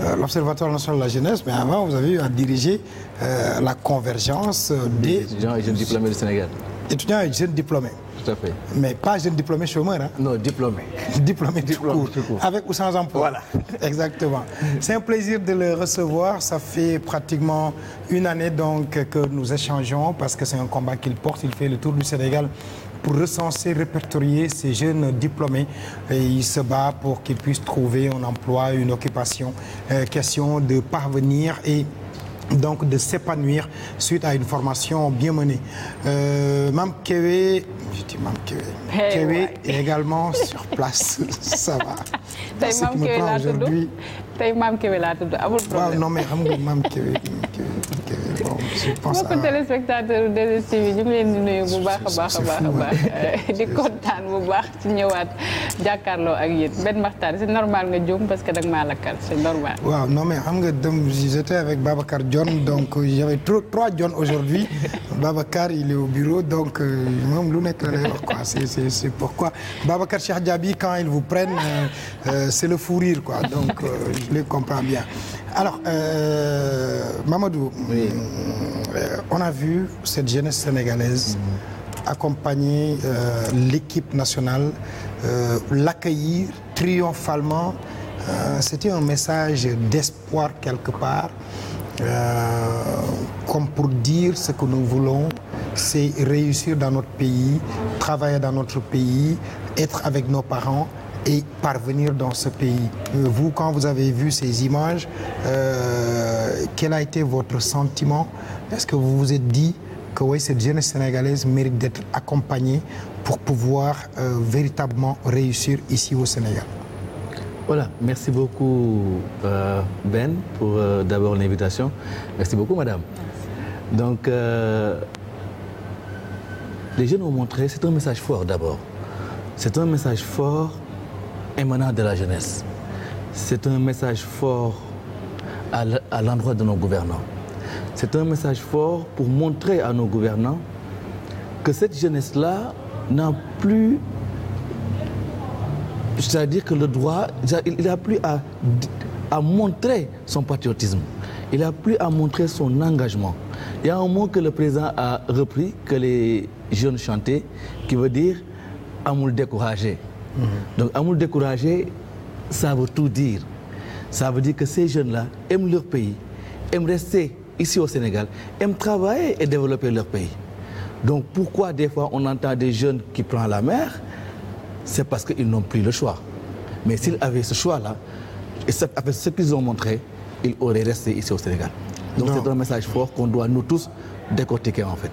Euh, l'Observatoire national de la jeunesse, mais avant, vous avez eu à diriger euh, la convergence euh, des... des étudiants et jeunes diplômés du Sénégal. Étudiants et jeunes diplômés. Tout à fait. Mais pas jeune diplômé chômeur. Hein? Non, diplômé. diplômé, diplômé tout, court, Avec ou sans emploi. Voilà. Exactement. C'est un plaisir de le recevoir. Ça fait pratiquement une année donc que nous échangeons parce que c'est un combat qu'il porte. Il fait le tour du Sénégal pour recenser, répertorier ces jeunes diplômés. Et il se bat pour qu'ils puissent trouver un emploi, une occupation. Euh, question de parvenir et donc de s'épanouir suite à une formation bien menée. Euh, Mme Kewe, je dis Mme Kewe, hey, eh Kewe ouais. est également sur place, ça va. C'est Mme Kewe aujourd'hui. tey maam Kébé laa tudd amul problème waaw non mais xam nga maam Kébé bon je pense à mbokku a a baax baax di kontaan bu ak yéen benn maxtaan c'est normal nga juum parce que da nga maa lakkal c'est normal. waaw non mais xam nga dem j'étais avec Babacar Dione donc euh, j'avais trois bureau donc euh, moom lu nekk la lay wax quoi c'est c'est c'est pourquoi Babacar Cheikh euh, le fou rire quoi donc. je les comprends bien. Alors, euh, Mamadou, oui. euh, on a vu cette jeunesse sénégalaise mmh. accompagner euh, l'équipe nationale, euh, l'accueillir triomphalement. Euh, c'était un message d'espoir quelque part, euh, comme pour dire ce que nous voulons, c'est réussir dans notre pays, travailler dans notre pays, être avec nos parents. et parvenir dans ce pays. Euh, vous, quand vous avez vu ces images, euh, quel a été votre sentiment Est-ce que vous vous êtes dit que oui, cette jeunesse sénégalaise mérite d'être accompagnée pour pouvoir euh, véritablement réussir ici au Sénégal voilà, merci beaucoup euh, Ben pour euh, d'abord l'invitation. Merci beaucoup madame. Merci. Donc, euh, les jeunes ont montré, c'est un message fort d'abord. C'est un message fort émanant de la jeunesse. C'est un message fort à l'endroit de nos gouvernants. C'est un message fort pour montrer à nos gouvernants que cette jeunesse-là n'a plus, c'est-à-dire que le droit, il n'a plus à, à montrer son patriotisme, il n'a plus à montrer son engagement. Il y a un mot que le président a repris, que les jeunes chantaient, qui veut dire « à décourager ». Mm-hmm. donc amul découragé ça tout dire ça veut dire que ces jeunes là aiment leur pays aiment rester ici au Sénégal aiment travailler et développer leur pays donc pourquoi des fois on entend des jeunes qui prennent la mer c'est parce qu'ils n'ont plus le choix mais s'ils avaient ce choix là et avec ce qu'ils ont montré ils auraient resté ici au Sénégal donc c'est un message fort qu'on doit nous tous décortiquer en fait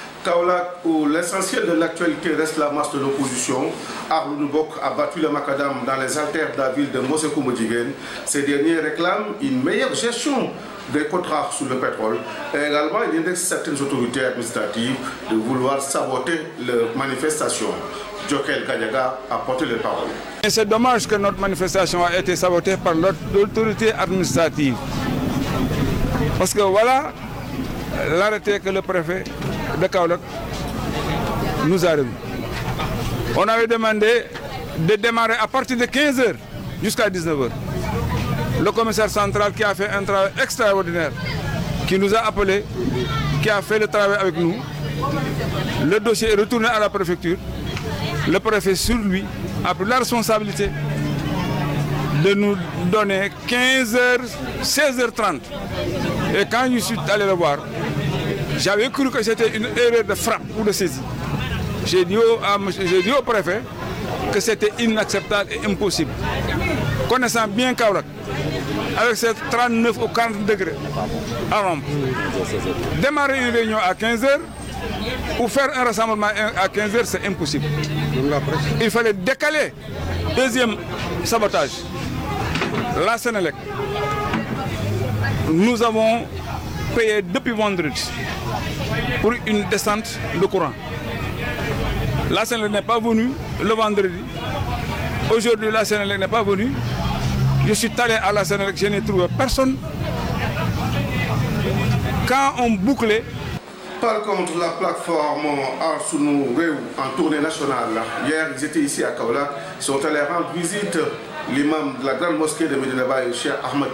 Kaolack où l'essentiel de l'actualité reste la marche de l'opposition. Arlou ah, Bok a battu le macadam dans les artères de la ville de Mosekou Modjiguen. Ces derniers réclament une meilleure gestion des contrats sur le pétrole et également il indexe certaines autorités administratives de vouloir saboter les manifestations. Jokel Kanyaga a porté les paroles. manifestation a été sabotée par l'autorité administrative. Parce que voilà l'arrêté que le préfet de Kaolack nous a remis. On avait demandé de démarrer à partir de 15h jusqu'à 19h. Le commissaire central qui a fait un travail extraordinaire, qui nous a appelés, qui a fait le travail avec nous. Le dossier est retourné à la préfecture. Le préfet sur lui a la responsabilité de nous donner 15h, 16h30. Et quand je suis allé le J'avais cru que c'était une erreur de frappe ou de saisie. J'ai dit, dit, au préfet que c'était et impossible. Connaissant bien Kaolak, avec ses 39 ou 40 degrés à l'ombre, une réunion à 15h ou faire un rassemblement à 15h, c'est impossible. Il fallait décaler. Deuxième sabotage, la Sénélec. Nous avons payé depuis vendredi pour une descente de courant. La Sénélec n'est pas venue le vendredi. Aujourd'hui, la Sénélec n'est pas venue. Je suis allé à la Sénélec, je n'ai trouvé personne. Quand on bouclait, par contre, la plateforme Arsunou Réou en tournée nationale, hier ils étaient ici à Kaolak, sont allés rendre visite l'imam de la grande mosquée de Medina Baye, Cheikh Ahmed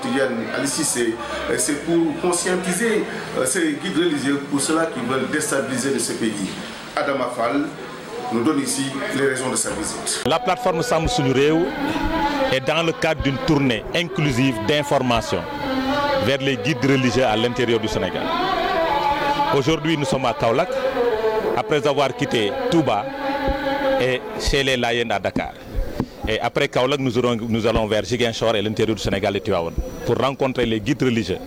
Ali Sissé, euh, c'est pour conscientiser euh, ces guides religieux pour ceux qui veulent déstabiliser de ce pays. Adam nous donne ici les raisons de sa visite. La plateforme Sam Suñu Réew est dans le cadre d'une tournée inclusive d'information vers les guides religieux à l'intérieur du Sénégal. Aujourd'hui, nous sommes à Kaolack après avoir quitté Touba et chez les Layènes à Dakar. Et après Kaolak, nous, aurons, nous allons vers Giguinchor et l'intérieur du Sénégal et Tuaon pour rencontrer les guides religieux,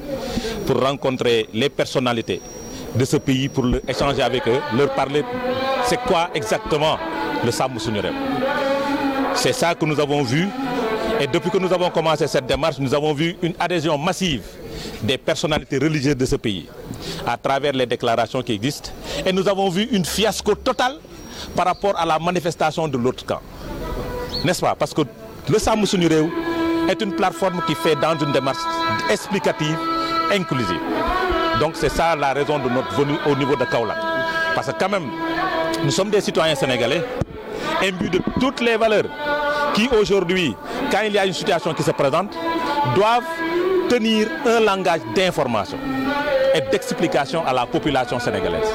pour rencontrer les personnalités de ce pays, pour le, échanger avec eux, leur parler c'est quoi exactement le Sam Sunurem. C'est ça que nous avons vu. Et depuis que nous avons commencé cette démarche, nous avons vu une adhésion massive des personnalités religieuses de ce pays à travers les déclarations qui existent. Et nous avons vu une fiasco totale par rapport la manifestation de l'autre n'est-ce pas parce que le sàmm suñu réew est une plateforme qui fait dans une démarche explicative inclusive donc c'est ça la raison de notre venue au niveau de Kaolack parce que quand même nous sommes des citoyens sénégalais imbus de toutes les valeurs qui aujourd'hui quand il y a une situation qui se présente doivent tenir un langage d'information et d'explication à la population sénégalaise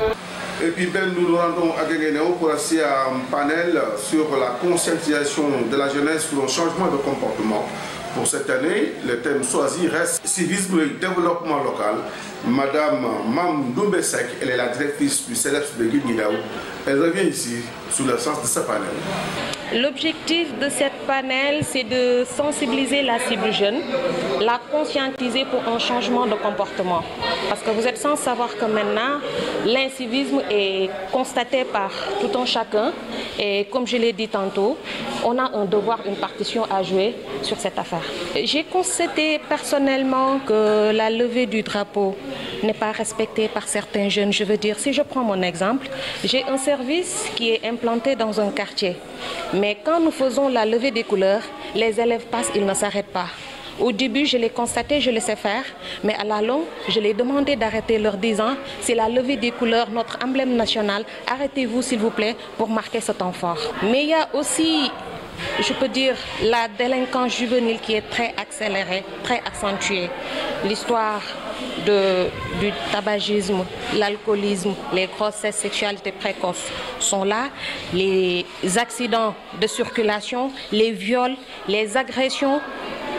puis Ben, nous nous rendons à Guéguénéo pour assister à un panel sur la conscientisation de la jeunesse pour un changement de comportement. Pour cette année, le thème choisi reste civisme et développement local. Madame Mam Doumbesek, elle est la directrice du CELEPS de Guinée. Elle revient ici sous l'absence de sa panel. L'objectif de cette panel, c'est de sensibiliser la cible jeune, la conscientiser pour un changement de comportement. Parce que vous êtes sans savoir que maintenant, l'incivisme est constaté par tout un chacun. Et comme je l'ai dit tantôt, on a un devoir, une partition à jouer sur cette affaire. J'ai constaté personnellement que la levée du drapeau n'est pas respectée par certains jeunes. Je veux dire, si je prends mon exemple, j'ai un service qui est implanté dans un quartier. Mais quand nous faisons la levée des couleurs, les élèves passent, ils ne s'arrêtent pas. Au début, je l'ai constaté, je le sais faire, mais à la longue, je l'ai demandé d'arrêter leur disant c'est la levée des couleurs, notre emblème national, arrêtez-vous s'il vous plaît pour marquer ce temps fort. Mais il y a aussi, je peux dire, la délinquance juvénile qui est très accélérée, très accentuée. L'histoire de, du tabagisme, l'alcoolisme, les grossesses, sexualité précoce sont là, les accidents de circulation, les viols, les agressions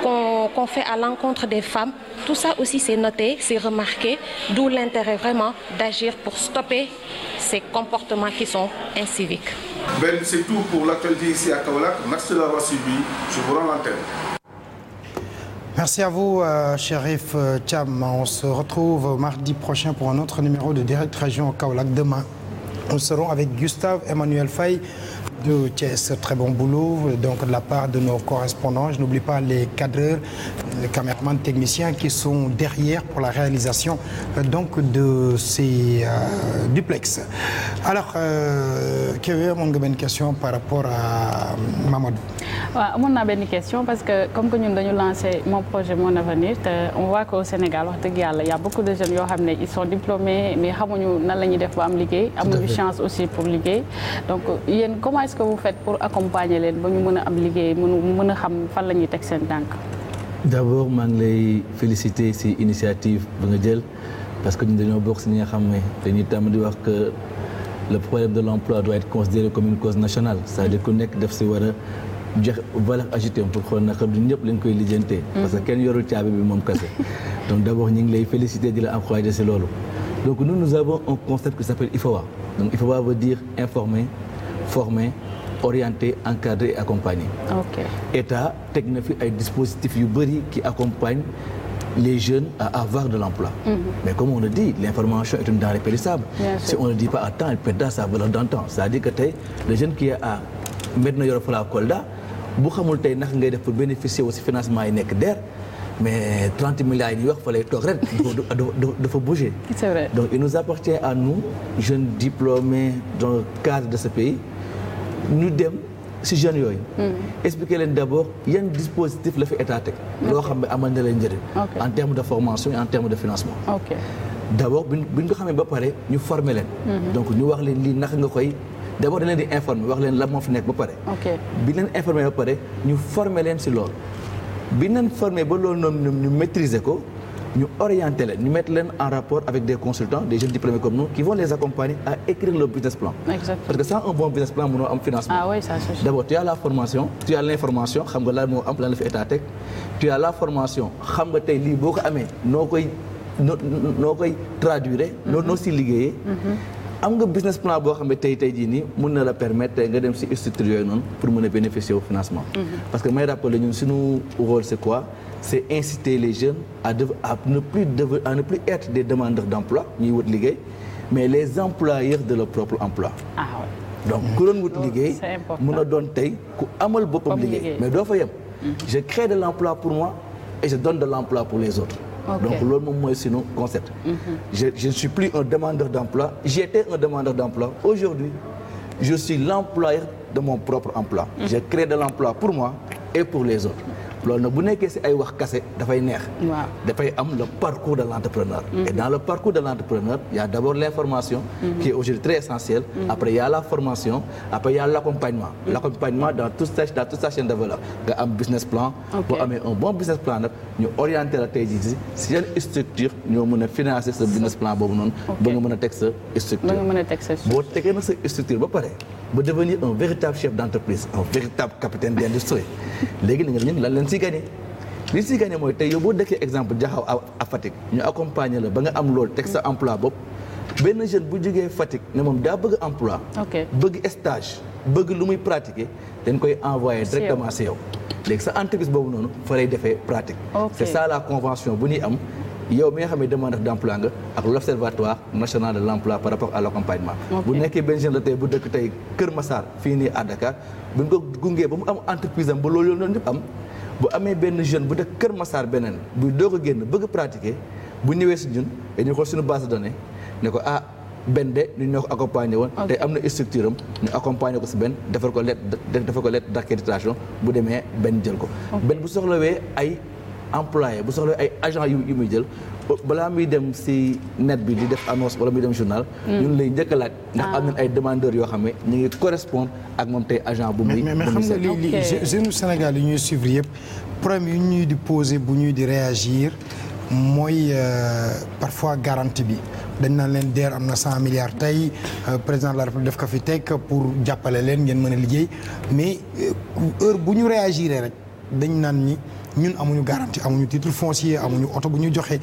qu'on qu fait à l'encontre des femmes, tout ça aussi c'est noté, c'est remarqué, d'où l'intérêt vraiment d'agir pour stopper ces comportements qui sont inciviques. Ben, c'est tout pour l'actualité ici à Kaolack. Merci d'avoir suivi. Je vous rends Merci à vous, euh, Shérif Cham. Euh, On se retrouve mardi prochain pour un autre numéro de Direct Région Kaolack. Demain, nous serons avec Gustave Emmanuel Fay de Thiès. Très de la part de nos correspondants. Je n'oublie pas les cadreurs, les caméramans qui sont derrière pour la réalisation euh, donc de ces euh, duplex. Alors, euh, quelle est mon question par rapport à waaw amoon naa benn question parce que comme que ñun dañu lancé mon projet mon avenir te on voit qu'au Sénégal wax dëgg yàlla y a beaucoup de jeunes yoo xam ne ils sont diplômés mais xamuñu nan la ñuy def ba am liggéey amuñu chance aussi pour liggéey donc yéen comment est-ce que vous faites pour accompagner leen ba ñu mën a am liggéey mënu mën a xam fan la ñuy teg seen tànk d'abord maa ngi lay féliciter ci initiative ba nga jël parce que ñun dañoo bokk ci ñi nga xam ne dañuy tàmm di wax le problème de l'emploi doit être considéré comme une cause nekk def ci jox valeur ajoutée pour xool naka du ñëpp lañ koy lijjantee. Mm-hmm. parce que kenn yorul caabi bi moom kese. donc d' abord ñu ngi lay féliciter di la encourager si loolu. donc nous avons un concept qui s' appelle IFOA donc IFOA et accompagner. état teg na fi qui accompagnent les jeunes à avoir de l'emploi mm-hmm. mais comme on le dit l'information est une denrée périssable si on ne dit pas à temps elle perd dans le temps c'est-à-dire que tey le jeune qui est à maintenant yor Fala Kolda bu xamul tey naka ngay def pour bénéficier wu si financement yi nekk DER mais 30 milliards yi ñuy wax fa lay toog ren dafa bouger c'est vrai donc il nous appartient à nous jeunes diplômés dans le cadre de ce pays ñu dem si jeunes yooyu mm. expliquer leen d'abord yan dispositif la fi état teg loo xam ne amal na leen njëriñ en termes de formation et en terme de financement okay. d'abord bi ñu ko xamee ba pare ñu former leen mm-hmm. donc ñu wax leen lii naka nga koy d' abord da leen di informer wax leen la moo fi nekk ba pare. bi leen informer ba pare ñu former leen si loolu. bi leen former ba loolu noonu ñu maîtriser ko ñu orienter leen ñu mettre leen en rapport avec des consultants des jeunes diplômés comme nous qui vont les accompagner à écrire leur business plan. Exactement. parce que sans un bon business plan mënoo am financement. ah oui ça c'est sûr. d' abord la formation xam nga lan moo am lan la fi état boo ko amee noo koy noo noo koy traduire. noo noo si am nga business plan boo xam ne tey tey jii nii mun na la permettre nga dem si structure yooyu noonu pour mën a bénéficier au financement. Mhm. parce que may rappeler ñun suñu rôle c'est quoi c'est inciter les jeunes à de à ne plus de à ne plus être des demandeurs d'emploi ñuy wut liggéey mais les employeurs de leur propre emploi. Ah ouais. donc ku doon wut liggéey. mun a doon tey ku amal boppam liggéey. mais doo fa yem. Mhm. je crée de l'emploi pour moi et je donne de l'emploi pour les autres. donc loolu moom mooy sunu concept mhm. je je ne suis plus un demandeur d'emploi j'étais un demandeur d'emploi aujourd'hui je suis l'employeur de mon propre emploi mhm. j'ai créé de l'emploi pour moi et pour les autres loolu nag bu nekkee si ay wax kase dafay neex. dafay am le parcours de l' entrepreneur. Mm-hmm. et dans le parcours de l' entrepreneur y' a d' abord l' information. Mm-hmm. qui est aujourd'hui très essentielle. Mm-hmm. après y' a la formation après y' a l' l' accompagnement dans toute sa dans sa chaîne de valeur nga am business plan. boo amee un bon business plan nag ñu orienté la tey jii si ñoo mën a financer sa business plan boobu noonu. ba nga mën a teg sa structure. ba teg sa structure boo tegee na s structure ba pare. ba devenir un véritable chef d'entreprise un véritable capitaine d'industrie léegi nag ñun lan leen si gagné li si gagné mooy tey yow boo dëkkee exemple jaxaw a Fatick ñu accompagner la ba nga am loolu teg sa emploi bopp benn jeune bu jógee Fatick ne moom daa bëgg emploi bëgg stage bëgg lu muy pratiquer dañ koy envoyer directement si yow léegi sa entreprise boobu noonu fa lay defee pratique c'est ça la convention bu ñuy am yow mi nga xam ne demande d'emploi nga ak l'observatoire national de l'emploi par rapport à l'accompagnement bu nekkee jeune bu dëkk tey Kër Massar fii nii à Dakar bu ñu ko bu amee benn si ñun dañuy xool suñu base de ne ko ah benn de ñu ñoo ko woon tey am na structure am ñu accompagner ko si benn defar ko lettre defar ko lettre d'accréditation bu demee benn jël ko benn bu soxlawee ay employé bu soxla ay agent yu yu muy jël balaa muy dem si net bi di def annonce wala muy dem journal. Hmm. ñun lay njëkk a laaj. ndax am ah. ay demandeurs yoo xam ne ñu ngi correspondre ak moom tey agent bu muy. bu mais xam nga lii lii jeunes Sénégal yi ñuy suivre yëpp problème yu di poser bu ñuy di réagir mooy euh, parfois garantie bi. dañ naan leen DER am na cent milliards tey euh, président la république def ko fi teg pour jàppale leen ngeen mën a liggéey mais euh, heure bu ñu réagiré rek dañ naan ni. ñun amuñu garanti amuñu titre foncier amuñu oto bu ñu joxe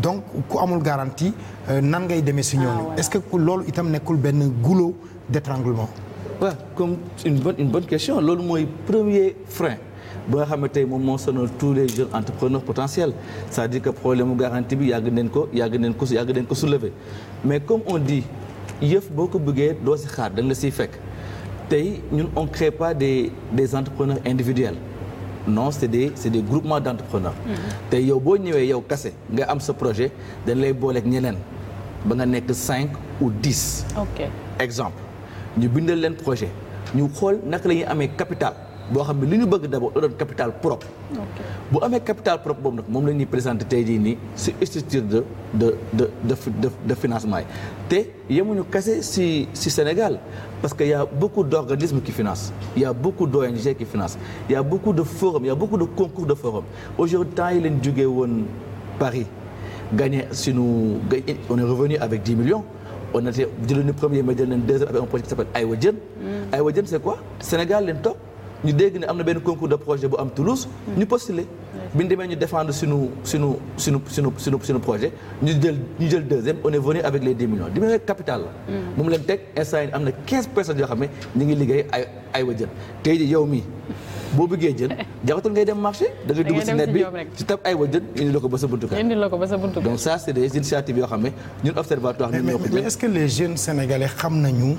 donc ku amul garantie euh, nan ngay demee si ah, ñooñu. est-ce que loolu itam nekkul benn goulot d'étranglement. waaw comme une bonne une question loolu mooy premier frein. ba nga xam tey moom moo sonal tous les jeunes entrepreneurs potentiels c'est-à-dire que problème mu bi yàgg nañ ko yàgg nañ ko yàgg nañ ko soulever mais comme on dit yëf boo ko bëggee doo si xaar da nga siy fekk tey ñun on crée pas des des entrepreneurs individuels. non c'est des c'est des groupements d'entrepreneurs. Hmm. te yow boo ñëwee yow kase nga am sa projet dañ lay booleek ñeneen ba nga nekk cinq ou dix. ok exemple ñu bindal leen projet ñu xool naka la ñuy amee capital. boo xam ne li ñu bëgg d'abord da doon capital propre. bu amee capital propre boobu nag moom lañuy présenté tey jii nii si structure de de de de de financement yi te yemuñu kese si si Sénégal parce que y' a beaucoup d' organismes qui financent y' a beaucoup d' ONG qui financent y' a beaucoup de forums y' a beaucoup de concours de forums aujourd'hui temps yi leen jógee woon Paris gagné suñu on est revenu avec 10 millions. on était jëloon ni premier mais jël nañ deuxième avec un projet qui s'appelle Aywa Jën. Aywa Jën Sénégal leen toog. ñu dégg ne am na benn concours de projet bu am Toulouse. ñu postuler bi ñu demee ñu défendre suñu suñu suñu suñu suñu suñu projet ñu jël ñu jël deuxième on est venu avec les 10 millions 10 millions capital la. Mm. moom leen teg instant yii am na 15 personnes yoo xam ne ñu ngi liggéey ay ay wa jën tey yow mii. boo bëggee jën jaratul ngay dem marché da ngay dugg net bi ci tab ay wa jën indi la ko ba sa buntu donc ça c'est des initiatives yoo xam ne ñun observatoire ñun ñoo ko mais est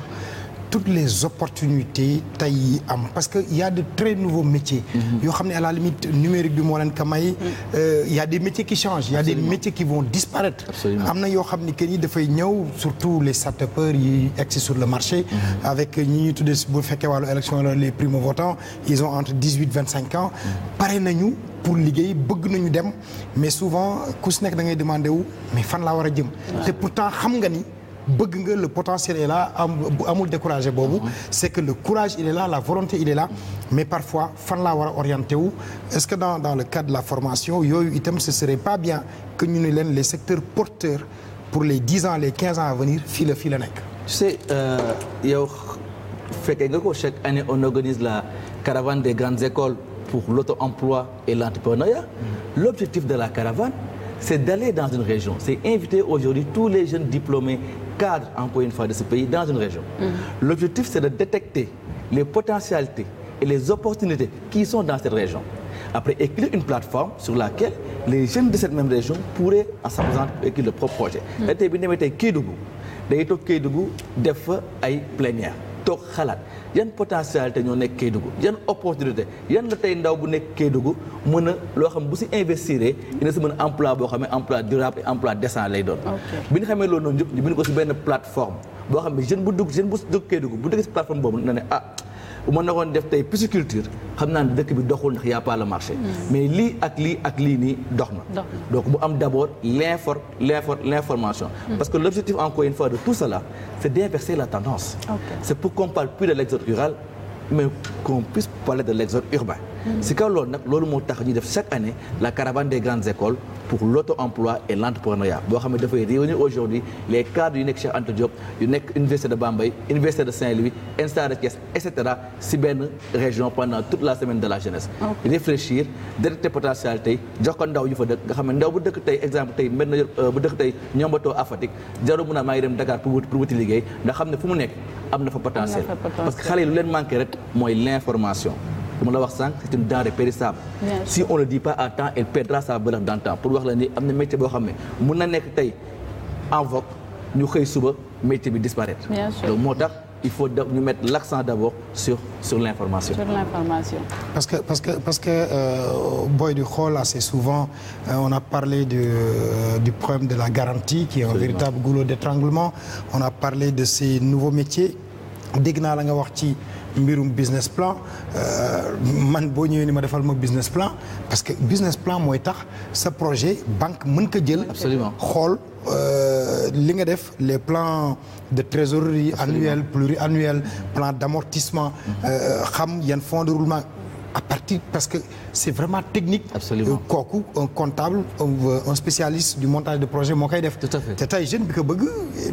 toutes les opportunités tey yi am parce que ya de très nouveaux métiers. Mhm. yoo xam ne à la limite numérique bi moo leen ko may. Mhm. Euh, a des métiers qui changent. y a Absolument. des métiers qui vont disparaître. am na yoo xam ne que ni dafay ñëw surtout les start-upers yi egsi sur le marché. Mhm. avec ñi ñu tuddee bu fekkee wàllu élection les primo-votants ils ont entre dix-huit vingt-cinq ans. pare nañu. pour liggéey bëgg nañu dem mais souvent ku si nekk da ngay demandé wu mais fan laa war a jëm te pourtant xam nga ni bëgg nga le potentiel est là am amul découragé boobu c'est que le courage il est là la volonté il est là mais parfois fan laa war a wu est-ce que dans dans le cadre de la formation yooyu itam ce serait pas bien que ñu ne leen les secteurs porteurs pour les dix ans les quinze ans à venir fii la fii la nekk tu sais euh, yow fekkee nga ko chaque année on organise la caravane des grandes écoles pour l'auto-emploi et l'entrepreneuriat mm. l'objectif de la caravane c'est d'aller dans une région. C'est inviter aujourd'hui tous les jeunes diplômés, cadres, encore une fois, de ce pays, dans une région. Mmh. L'objectif, c'est de détecter les potentialités et les opportunités qui sont dans cette région. Après, écrire une plateforme sur laquelle les jeunes de cette même région pourraient, en s'amusant, écrire leur propre projet. Mmh. Kédougou. Kédougou, def ay plénière. toog xalaat yan potentialité ñoo nekk Kédougou yan opportunité yan la tey ndaw bu nekk Kédougou mën a loo xam bu si investir dina si mën a emploi boo xam ne emploi durable et emploi lay doon bi ñu xamee loolu noonu yëpp ñu bind ko si benn plateforme boo xam ne jeune bu dugg jeune bu dugg Kédougou bu dugg si plateforme boobu na ah bu ma naroon def tey pisciculture xam naa ne dëkk bi doxul ndax y a pas le marché. Hmm. mais lii ak lii ak lii nii dox na. donc mu am d' abord l' infor l' infor l' information. Hmm. parce que l' objectif encore une fois de tout cela c' est d'inverser la tendance. Okay. c' est pour qu'on mais qu'on puisse parler de l' exode urbain. si kaw loolu nag loolu moo tax ñu def chaque année la caravane des grandes écoles pour l'auto-emploi et l'entrepreneuriat boo xam ne dafay réunir aujourd'hui les cadres yu nekk Cheikh Anta Diop yu nekk université de Bambey université de Saint-Louis INSTA de Thiès et benn région pendant toute la semaine de la jeunesse réfléchir détecter potentialité yi jox ko ndaw yu fa dëkk nga xam ne ndaw bu dëkk tey exemple tey mel na euh, bu dëkk tey ñombatoo à Fatick jaru liggéey ndax xam ne fu mu nekk am na fa potentiel parce que xale yi rek mooy l'information dama la wax sànq c'est une denrée périssable si on ne dit pas à temps elle perdra sa valeur dans le temps pour wax la ni am na métier boo xam ne mun na nekk tey en vogue ñu xëy suba métier bi disparaître donc moo tax il faut donc ñu mettre l'accent d'abord sur sur l'information sur l'information parce que parce que parce que euh, booy di xool assez souvent euh, on a parlé du euh, du problème de la garantie qui est un Absolument. véritable goulot d'étranglement on a parlé de ces nouveaux métiers dégg naa la nga wax ci mbirum business plan euh, man boo ñëwee ni ma defal ma business plan parce que business plan mooy tax sa projet banque mën ko jël. absolument xool euh, li nga def les plans de trésorerie annuel pluriannuel plan d'amortissement euh, xam yan fonds de roulement. à partir parce que c'est vraiment technique. absolument kooku un comptable un spécialiste du montage de projet moo koy def. tout à te tey jeune bi ko bëgg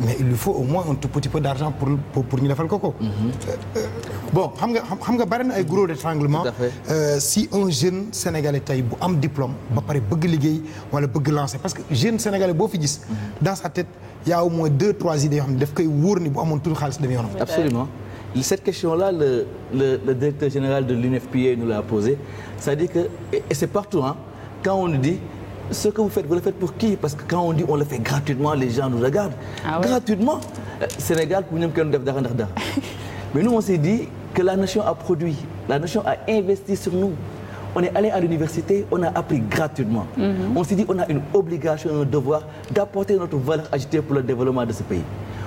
mais il lui faut au moins un tout petit peu d'argent pour pour ñu defal ko ko. Mm-hmm. bon xam nga xam nga bari na ay gros d'étranglement euh, si un jeune sénégalais tey bu am diplôme ba pare bëgg liggéey wala bëgg lancer parce que jeune sénégalais boo fi gis mhm. dans sa tête y a au moins deux trois idées yoo xam ne daf koy wóor ni bu amoon tuuti xaalis dem yoonam absolument cette question-là le, le le directeur général de l'UNFPA nous l'a posée cest à que et c'est partout hein quand on dit ce que vous faites vous le faites pour qui parce que quand on dit on le fait gratuitement les gens nous regardent ah ouais. gratuitement euh, Sénégal pour ñoom kenn def dara que la nation a produit, la nation a investi sur nous. On est allé à l'université, on a appris gratuitement. Mm -hmm. On s'est dit on a une obligation, un devoir d'apporter notre valeur ajoutée pour le développement de ce pays.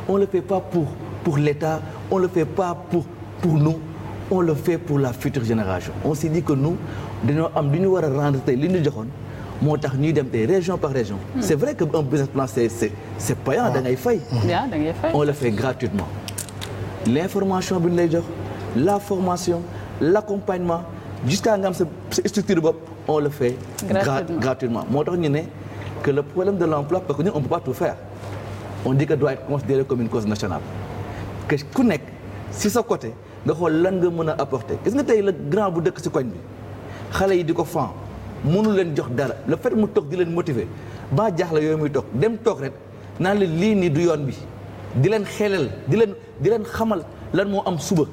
On ne le fait pas pour, pour l'État, on ne le fait pas pour, pour nous, on le fait pour la future génération. On s'est dit que nous, dañoo am lu ñu war a rendre tey li ñu joxoon moo tax ñuy dem tey région par région. Mhm. c' est vrai que un business plan c' est c' est payant da ngay fay. on le fait gratuitement. l' information bi ñu lay jox. la formation la jusqu'à nga am sa structure bopp on le fait gratuitement moo tax ñu ne que le problème de l'emploi parce que ñun on peut pas tout faire on dit que doit être considéré comme une cause nationale ku nekk si sa côté nga xool lan nga mën a apporter gis nga tey la grand bu dëkk si koñ bi xale yi di ko fan mënu leen jox dara le fait mu toog di leen motiver ba jaaxle yooyu muy toog dem toog rek naan leen lii nii du yoon bi di leen xelal di leen di leen xamal lan moo am suba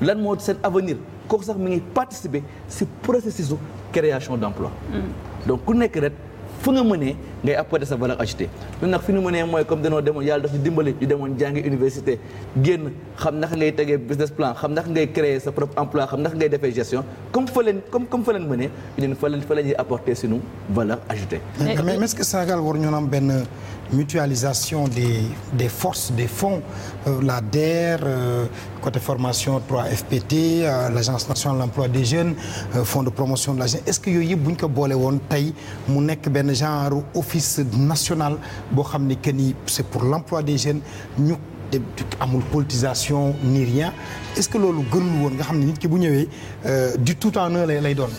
lan moo seen avenir kooku sax mu ngi participer si processus création d' emploi. Mm. donc ku nekk rek fu nga mënee. ngay apporter sa valeur ajoutée ñun nag fi nu mu nee mooy comme dañoo demoon yàlla daf ñu dimbali ñu demoon jàngi université génn xam naka ngay tegee business plan xam naka ngay créer sa propre emploi xam naka ngay defee gestion comme fa leen comme comme fa leen fa leen fa la ñuy valeur ajoutée mais est-ce que Sénégal war ñu am benn mutualisation des des forces des fonds euh, la DER euh, côté formation 3FPT euh, l'agence nationale de l'emploi des jeunes euh, fonds de promotion de la jeunesse est-ce que yooyu bu ñu ko boole woon tey mu nekk benn genre office national boo xam ni que ni c'est pour l'emploi des jeunes ñu amul politisation ni rien est-ce que loolu gënul woon nga xam ne nit ki bu ñëwee euh, du tout en un lay lay doon.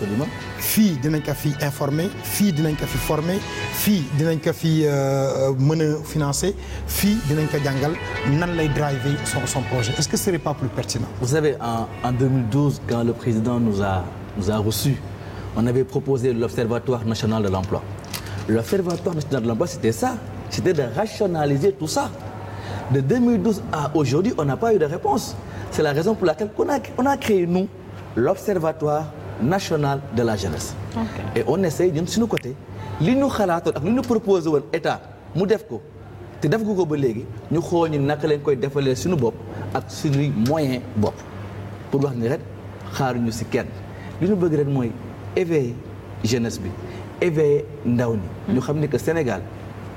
fii dinañ ko fi informer fii dinañ ko fi former fii dinañ ko fi euh, euh, mën a financer fii dinañ ko jàngal nan lay driver son son projet est-ce que ce serait pas plus pertinent. vous savez en en 2012 quand le président nous a nous on avait proposé l'observatoire national de l'emploi Le Observatoire national de l'emploi, c'était ça. C'était de rationaliser tout ça. De 2012 à aujourd'hui, on n'a pas eu de réponse. a, on a créé, national de la jeunesse. Okay. Et on essaye suñu côté li ñu xalaatoon ak li ñu proposé woon état mu def ko te def gu ko ba léegi ñu xool ñu naka lañ koy defalee suñu bopp ak suñuy moyen bopp pour wax ni ret xaaruñu si kenn li ñu bëgg ren mooy éveiller jeunesse bi éveiller ndaw ñi. ñu xam ni que Sénégal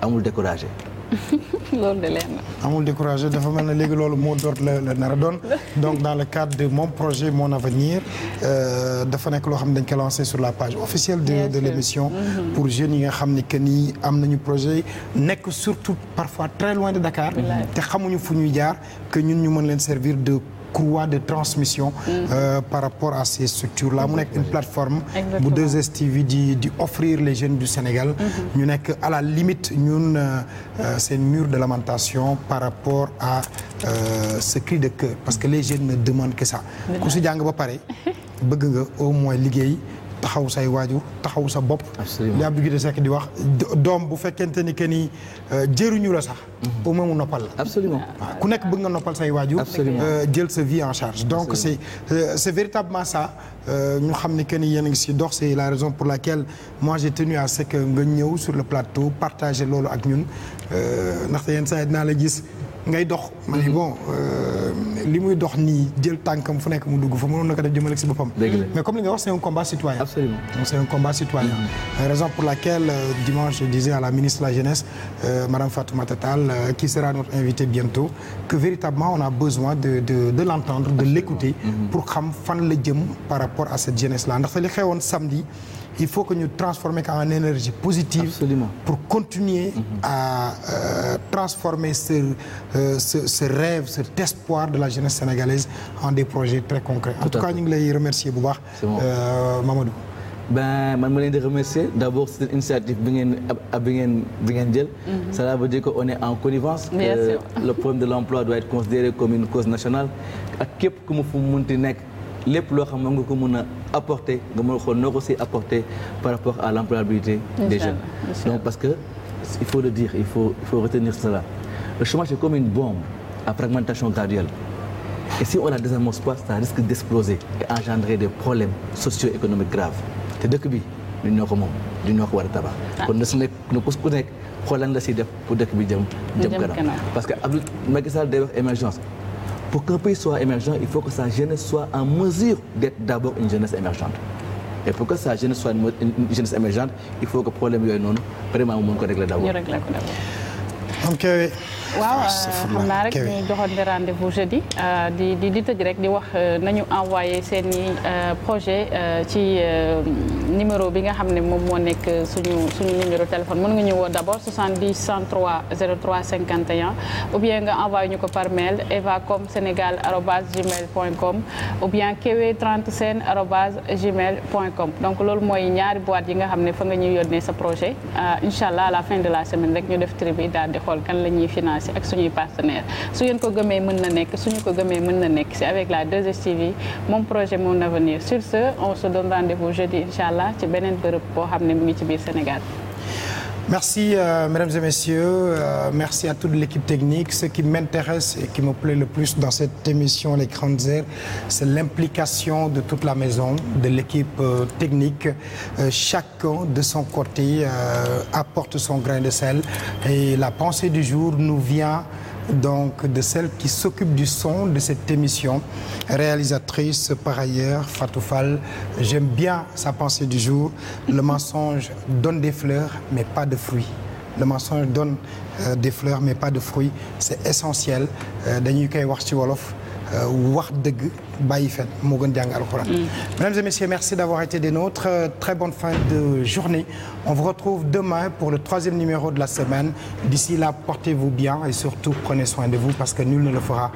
amul découragé. loolu de na. dafa mel ne léegi loolu moo doot la la nar a doon donc dans le cadre de mon projet mon avenir euh, dafa nekk loo xam ne dañ ko sur la page officielle de de l'émission mm-hmm. pour jeunes yi nga xam ni que ni am nañu projet nekk surtout parfois très loin de Dakar. te xamuñu fu ñuy jaar que ñun ñu mën leen servir de. courroie de transmission. Mm. Euh, par rapport à ces structures là mu nekk une plateforme. bu 2STV di di offrir les jeunes du Sénégal. Mm-hmm. ñu nekk à la limite ñun euh, euh, seen mur de lamentation par rapport à euh, ce cri de cœur parce que les jeunes ne demandent que ça. ku si jàng ba pare bëgg nga au moins liggéey. taxaw say waajur taxaw sa bopp. li Abdou Guité Seck di wax doom bu fekkente ni que ni euh, jëruñu la sax. au mhm. moins mu noppal la. absolument waaw ku nekk bëgg nga noppal say waajur. Euh, jël sa vie en charge. donc c'est euh, c'est véritablement ça ñu xam ne que ni yéen a ngi si dox c'est la raison pour laquelle moi j'ai tenu à ce que nga ñëw sur le plateau partager loolu ak ñun ndaxte yenn saa yi dinaa la gis. ngay dox ma mhm. euh, li muy dox nii jël tànkam fu nekk mu dugg fa mënoon na ko def jëmale si boppam mais comme li nga wax c'est un combat citoyen c'est un combat citoyen mhm. euh, raison pour laquelle euh, dimanche je disais à la ministre de la jeunesse madame Fatoumata Tall qui sera notre invitée bientôt que véritablement on a besoin de de de l'entendre de l'écouter mhm. pour xam fan la jëm par rapport à cette jeunesse là ndaxte li xewoon samedi il faut que ñu transformer ko en énergie positive. Absolument. pour continuer. Mm -hmm. à euh, transformer ce, euh, ce ce rêve cet espoir de la jeunesse sénégalaise en des projets très concrets. en tout, tout cas ñu ngi lay remercier bu baax. Euh, Mamadou. ben man ma leen di remercier d' abord c' est une initiative bi ngeen bi ngeen bi ngeen jël. Mhm. cela veut dire que on est en connivence. bien sûr le problème de l' emploi doit être considéré comme une cause nationale ak képp ku mu fu munti nekk. lépp loo xam ne nga ko mën a apporter nga mën a xool noo ko si apporter par rapport à l'employabilité des jeunes donc parce que il faut le dire il faut il faut retenir cela le chômage est comme une bombe à fragmentation graduelle et si on la désamorce pas ça risque d'exploser et engendrer des problèmes socio-économiques graves te dëkk bi du ñoo ko moom du ñoo ko war a tabax ah. kon na su nekk na ku nekk xool lan la def pour dëkk bi jëm jëm parce que Abdou Macky Sall day émergence pour qu'un pays soit émergent, il faut que sa jeunesse soit en mesure d'être d'abord une jeunesse émergente. Et pour que sa jeunesse soit une, jeunesse émergente, il faut que le problème soit non, vraiment, on peut régler d'abord. am kewe waaw ah, xam naa rek ñu joxoon rendez-vous jeudi ah, di di di tëj rek di wax euh, nañu envoyé seen i euh, projet euh, ci numéro bi nga xam ne moom moo nekk suñu suñu numéro téléphone mën nga ñu woo d'abord 70 103 03 51 ou bien nga envoyé ñu ko par mail evacom sénégal arobase gmail point com ou bien kewe 30 sen arobase gmail com donc loolu mooy ñaari boîte yi nga xam ne fa nga ñuy yónnee sa projet ah, incha allah à la fin de la semaine rek ñu def tri bi daal di xool kan la ñuy financer ak suñuy partenaire su ngeen ko gëmee mën na nekk suñu ko gëmee mën na nekk si avec la 2STV moom projet mon avenir sur ce on se donne rendez-vous jeudi incha allah ci beneen bërëb boo xam ne mu ngi ci biir Sénégal Merci, euh, mesdames et messieurs. Euh, merci à toute l'équipe technique. Ce qui m'intéresse et qui me plaît le plus dans cette émission Les Grandes Aires, c'est l'implication de toute la maison, de l'équipe euh, technique. Euh, chacun de son côté euh, apporte son grain de sel. Et la pensée du jour nous vient donc de celle qui s'occupe du son de cette émission, réalisatrice par ailleurs, Fatou Fall. J'aime bien sa pensée du jour. Le mensonge donne des fleurs, mais pas de fruits. Le mensonge donne euh, des fleurs, mais pas de fruits. C'est essentiel. Euh, dañuy koy wax ci wolof. Euh, wax dëgg bàyyi fen moo gën jàng alxuraan. Mm. Mesdames et messieurs, merci d'avoir été des nôtres. Euh, très bonne fin de pour le troisième numéro de la semaine. D'ici là, portez-vous bien et surtout prenez soin de que nul ne le fera